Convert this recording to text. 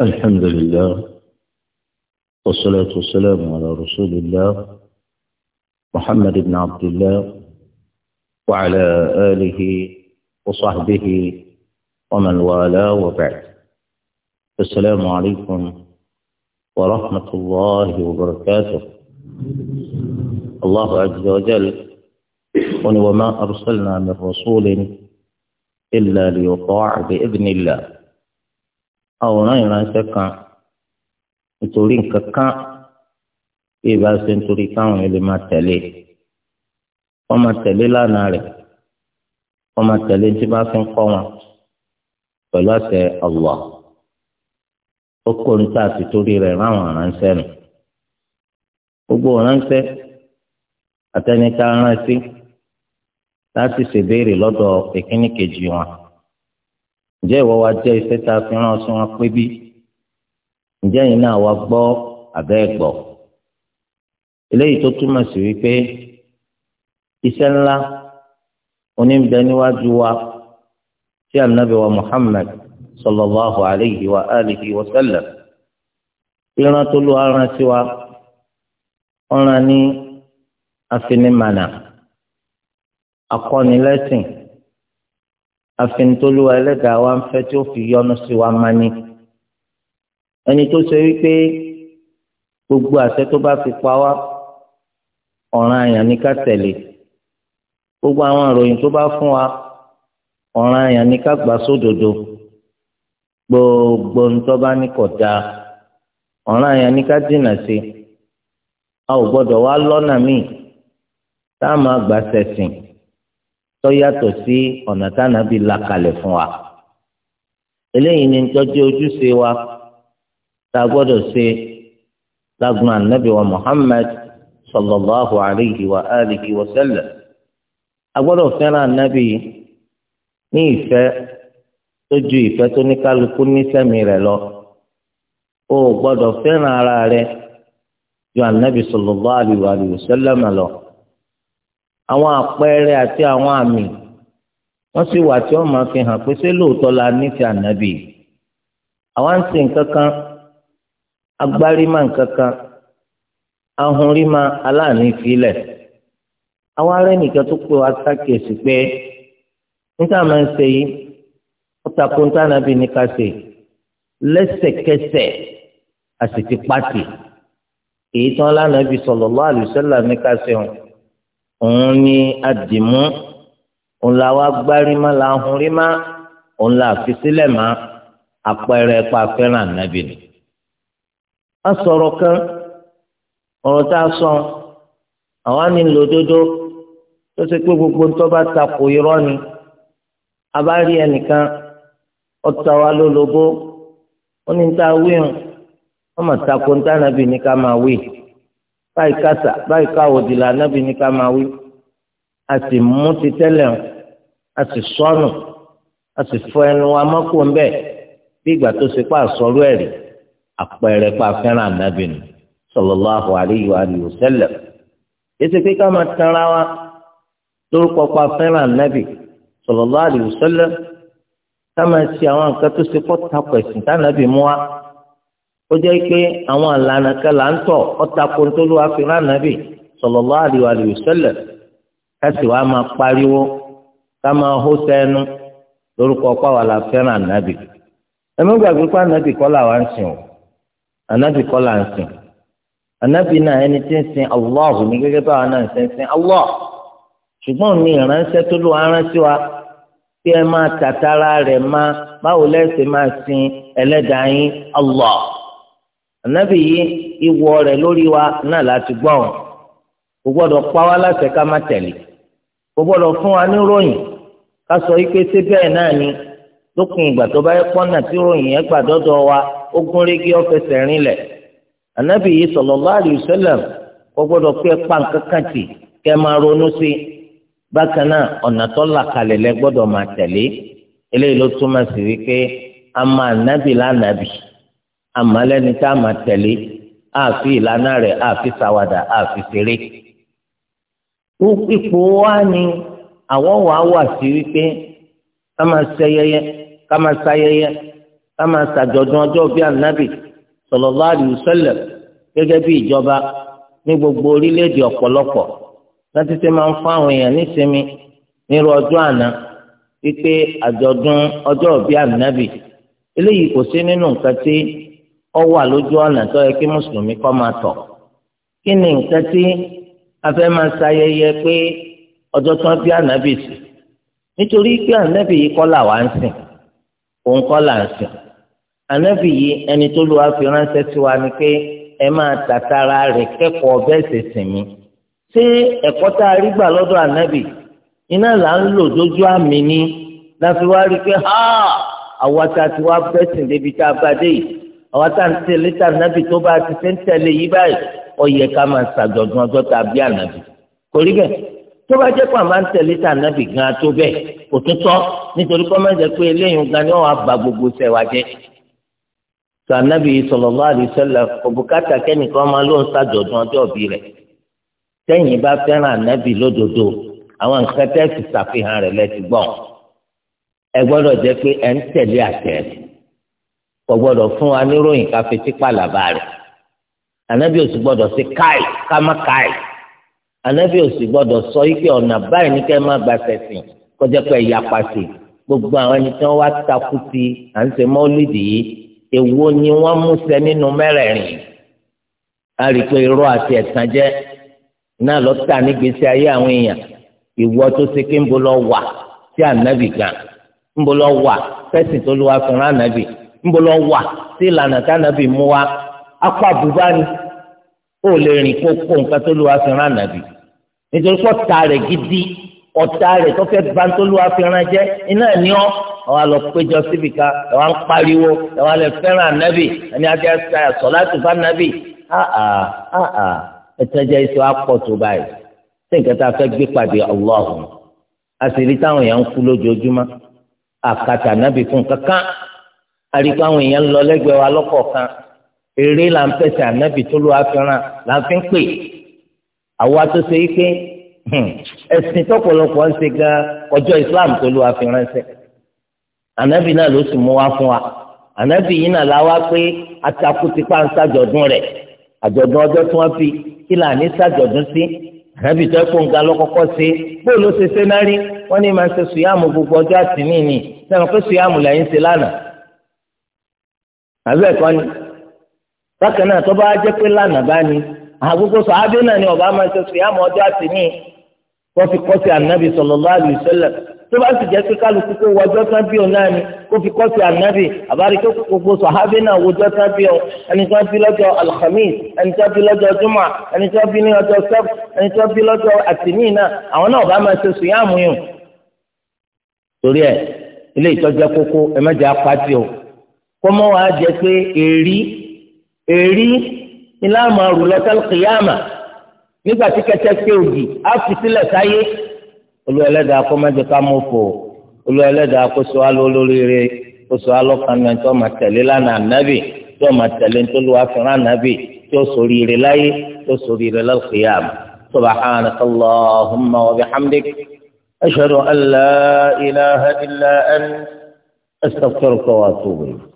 الحمد لله والصلاة والسلام على رسول الله محمد بن عبد الله وعلى آله وصحبه ومن والاه وبعد السلام عليكم ورحمة الله وبركاته الله عز وجل وما أرسلنا من رسول إلا ليطاع بإذن الله àwòrán ìránṣẹ́ kan nítorí nǹkan kan bí ìbá ṣe nítorí káwọn èèyàn máa tẹ̀lé wọ́n máa tẹ̀lé lánàá rẹ̀ wọ́n máa tẹ̀lé tí bá fi ń kọ́ wọn pẹ̀lú àṣẹ Allah ó kó a àti torí rẹ̀ ráwọn ìránṣẹ́ nù gbogbo ìránṣẹ́ àtẹnitá ránṣẹ́ láti ṣèbéèrè lọ́dọ̀ ìkíní kejì wọn. ǹjẹ́ ìwọ wa jẹ́ iṣẹ́ tá a fi rán sí wọn pé bí ǹjẹ́ yìí náà wá gbọ́ àbẹ́ gbọ́ eléyìí tó túmọ̀ sí wípé iṣẹ́ ńlá oníbẹ̀ níwájú wa tí anabi wa Muhammad sallallahu alayhi wa alihi wa sallam ìran tó lu aran sí wa ọ̀ràn ní afinimana akọ́nilẹ́sìn àfintolúwa ẹlẹ́dàá wa ń fẹ́ tí ó fi yọ́nú sí wa máa ní. ẹni tó ṣe wípé gbogbo àṣẹ tó bá fi pa wá ọ̀ràn àyàn ní ká tẹ̀lé gbogbo àwọn ìròyìn tó bá fún wa ọ̀ràn àyàn ní ká gbà sódodo gbogbo ń bá ní kò dáa ọ̀ràn àyàn ní ká dìnà sí a ò gbọ́dọ̀ wá lọ́nà míì tá a máa gbà sẹ̀sìn tó yàtọ̀ sí ọ̀nà tánàbí là kalẹ̀ fún wa eléyìí ni tọ́jú ojúṣe wa tá a gbọ́dọ̀ ṣe lágùn ànábì wa Muhammad sallallahu alayhi wa alihi wa sallam a gbọ́dọ̀ fẹ́ràn ànábì ní ìfẹ́ tó ju ìfẹ́ tó ní kálukú ní sẹ́mi rẹ̀ lọ o gbọ́dọ̀ fẹ́ràn ara rẹ̀ ju ànábì sallallahu alayhi wa sallam lọ. àwọn àpẹẹrẹ àti àwọn àmì wọ́n sì wà tí wọ́n máa fi hàn pé ṣé lóòótọ́ la ànábì àwa ń sìn kankan agbárímà kankan ahunrímà aláàní filẹ̀ àwa rẹ̀ tó pé wa sákèsì pé níta máa ń ṣe yìí ó takò níta ànábì ní ká ṣe pàtì òun ni àdìmú òun la wá gbárí má la hun rí má òun la fi sílẹ̀ má àpẹẹrẹ pa fẹ́ràn ànábì ni. a sọ̀rọ̀ kan ọ̀rọ̀ tá a sọ àwa ni lòdodo tó ṣe pé gbogbo ń tọ́ bá takò irọ́ ni a bá rí ẹnìkan ọ̀tá wa ló lobó ó ní ta wíhùn wọ́n mọ̀ takò ń tànàbì ní ká máa wíhùn báyìí kásà báyìí káwòdì là nábì ní ká máa wí a sì mú ti tẹ́lẹ̀ hàn a sì sọnù a sì fọ ẹnu wa mọ́kò ń bẹ̀ bí ìgbà tó ṣe pa àsọrú ẹ̀ rí àpẹẹrẹ pa fẹ́ràn ànábì nù sallallahu alayhi wa alihi wa sallam èsì pé ká máa tanra wa lórúkọ pa fẹ́ràn ànábì sallallahu alayhi wa sallam ká máa ṣe àwọn nǹkan tó ṣe pọ́ takọ̀ ẹ̀sìn tánàbì mú wa. ó jẹ́ pé àwọn àlànà kan ń tọ̀ ọ̀tà kóńtólú àfihàn nàbì sallallahu alaihi wa sallam kásì wàá máa pariwo ká máa hó sẹ́nu lórúkọ pàwọ́ la nàbì ẹ̀mí gbàgbé pé ànábì kọ́ là ń sìn ànábì ń sìn Allah ní gẹ́gẹ́ bá náà ń Allah ṣùgbọ́n ìránṣẹ́ tó lù wa kí ẹ máa tàtàrà rẹ̀ báwo lẹ́sìn máa sin ẹlẹ́dàá yín Allah. ànábì yìí ìwọ rẹ lórí wa náà láti gbọ́ ọ̀hún kò gbọ́dọ̀ pa wá láṣẹ ká má tẹ̀lé kò gbọ́dọ̀ fún wa ní ròyìn ká sọ yìí pé náà ni lókun ìgbà tó bá yẹ pọ́nà tí ròyìn yẹn gbà dọ́dọ̀ wa ó gún régé rinlẹ̀ ànábì yìí kò gbọ́dọ̀ àmọ́ lẹ́ni tá a máa tẹ̀lé àfi ìlànà rẹ̀ àfi sàwàdà àfi ṣeré. ipò wa ni àwọn wàá wà sí wípé ká máa ṣayẹyẹ ká máa ṣayẹyẹ ká máa ṣàjọ̀dún ọjọ́ bíi ànábì sallallahu alaihi wasallam gẹ́gẹ́ bí ìjọba ní gbogbo orílẹ̀-èdè ọ̀pọ̀lọpọ̀ láti ṣe máa ń fún àwọn èèyàn nísinmi nírú ọjọ́ àná wípé àjọ̀dún ọjọ́ bíi ànábì eléyìí kò sí nínú nǹkan tí ọ wà lójú ọ̀nà tó yẹ kí mùsùlùmí kọ́ máa tọ̀ kí ni nǹkan tí a fẹ́ máa ṣayẹyẹ pé ọjọ́ tó ń bí ànábì sí nítorí pé ànábì yìí kọ́ là wá ń sìn òun kọ́ là ń sìn ànábì yìí ẹni tó lu àfi ránṣẹ́ sí wa ni pé ẹ máa tàtàrà rẹ̀ kẹ́kọ̀ọ́ bẹ́ẹ̀ ṣe sìn mí ṣé ẹ̀kọ́ tá a rí gbà lọ́dọ̀ ànábì iná là ń lò dójú àmì ni láfi wá rí i pé ha àwa ta ti wá bẹ́sìn débi tá a bá dé yìí àwọn tá à ń tẹ̀lé tá ànábì tó bá ti ṣe ń tẹ̀lé yìí báyìí ó yẹ ká máa ṣàjọ̀dún ọjọ́ tá a bí ànábì kò rí bẹ́ẹ̀ tó bá jẹ́ pé àmà ń tẹ̀lé tá ànábì gan tó bẹ́ẹ̀ kò tún tọ́ nítorí kọ́ máa jẹ́ pé eléyìí gan ni wọ́n á ba gbogbo sẹ̀ wá jẹ́ tó ànábì sallallahu alaihi wasallam òbúkátà kẹ́nìkan máa ló ń ṣàjọ̀dún ọjọ́ òbí rẹ̀ tẹ́yìn bá fẹ́ràn ànábì lódodo àwọn nǹkan tẹ́sì ṣàfihàn rẹ̀ lẹ́sìn gbọ́n ẹ gbọ́dọ̀ jẹ́ pé ẹ ń tẹ̀lé àtẹ̀rẹ̀ kò gbọ́dọ̀ fún wa níròyìn ká fetí pàlàbà rẹ̀ ànábì ò sì gbọ́dọ̀ sí káì ká má káì ànábì ò sì gbọ́dọ̀ sọ ike ọ̀nà báyìí ní kẹ́ ẹ má gba sẹ̀sìn kọjá pé ẹ̀yà pàṣẹ gbogbo àwọn ẹni tí wọ́n wá takú ti à ń ṣe mọ́lídì yìí èwo ni wọ́n mú ṣẹ nínú mẹ́rẹ̀ẹ̀rin a rí i pé irọ́ àti ẹ̀tàn jẹ́ náà lọ tà nígbèsí ayé àwọn èèyàn ìwọ tó ṣe kí ń bo wà sí ànábì gan ń bo wà fẹ́sìn tó lọ́wọ́ fúnra ànábì ńbọlọ wà sí ìlànà tánàbì mú wa akọ àbúbá ni ó lè rìn kó kó nǹkan tó lù wá fi rán ànàbì nítorí pé ọ̀tá rẹ̀ gidi ọ̀tá rẹ̀ tó fẹ́ bá tó wa wá fi rán jẹ́ iná ni ọ́ àwọn àlọ́ péjọ síbi kan ẹ̀ wá ń pariwo ẹ̀ wá lè fẹ́ràn ànàbì ẹni ajá sọ láti fún ànàbì ẹ̀tẹ́jẹ́ iṣẹ́ wa pọ̀ tó báyìí sí nǹkan tá a fẹ́ gbé pàdé ọlọ́run àṣírí táwọn èèyàn ń kú lójoojúmọ́ àkàtà ànàbì fún kankan àríkọ àwọn èèyàn ń lọ lẹ́gbẹ̀ẹ́ wa lọ́kọ̀ọ̀kan eré là ń pẹ̀sẹ̀ ànábì tó lọ́wọ́ afẹ́ràn là ń fi ń pè àwa tó ṣe yí pé hmm, ẹ̀sìn tọ́pọ̀lọpọ̀ ń ṣe gan ọjọ́ Islam tó lọ́wọ́ afẹ́ràn ṣe ànábì náà ló sì mú wá fún wa ànábì yìí náà la wá pé atakú ti pa ń ṣàjọ̀dún rẹ̀ àjọ̀dún ọjọ́ tí wọ́n fi kí là ní ṣàjọ̀dún sí ànábì tó kó nǹkan lọ́kọ́kọ́ ṣe bóòlù ṣe ṣe náà rí wọ́n ní máa ṣe sùyàmù gbogbo ọjọ́ àtìmí ni sẹ́wọ̀n àbẹ́ ẹ̀kọ́ ni bákan náà tó bá jẹ́ pé lánàá bá ní àgógó sàábé náà ni ọba máa ń sọsọ ìyá ọmọdé àti ní wọ́n ànábì sallallahu alaihi wasallam tó bá sì jẹ́ pé kálukú kó wọjọ́ tán bí òun náà ni kó fi kọ́sí ànábì àbárí tó gbogbo sàábé náà wọjọ́ tán bí òun ẹni tó bí lọ́jọ́ alhamis ẹni tó bí lọ́jọ́ juma ẹni tó bí ní ọjọ́ sẹ́f ẹni tó bí lọ́jọ́ àtìní náà àwọn náà ọba máa sọsọ ìyá àmúyùn torí ẹ ilé ìtọ́jú kọ́mọ wa jẹ pé èrí èrí ilá máa rù lọ sẹ́lẹ̀ kìyàmà nígbà tí kẹtẹ pé òdì á fi sílẹ̀ sáyé olùwẹ̀lẹ́dàá kọ́ má jẹ ká mọ̀ fò olùwẹ̀lẹ́dàá kó sọ alọ́ lórí rẹ̀ kó sọ alọ́ kan náà tó máa tẹ̀lé lánàá nábì tó máa tẹ̀lé ntòlúwa fìràn nábì tó sórí rẹ̀ láyé tó sórí rẹ̀ lọ́kìyàmà subhanaka allahumma wa bihamdik ashhadu an la ilaha illa anta astaghfiruka wa atubu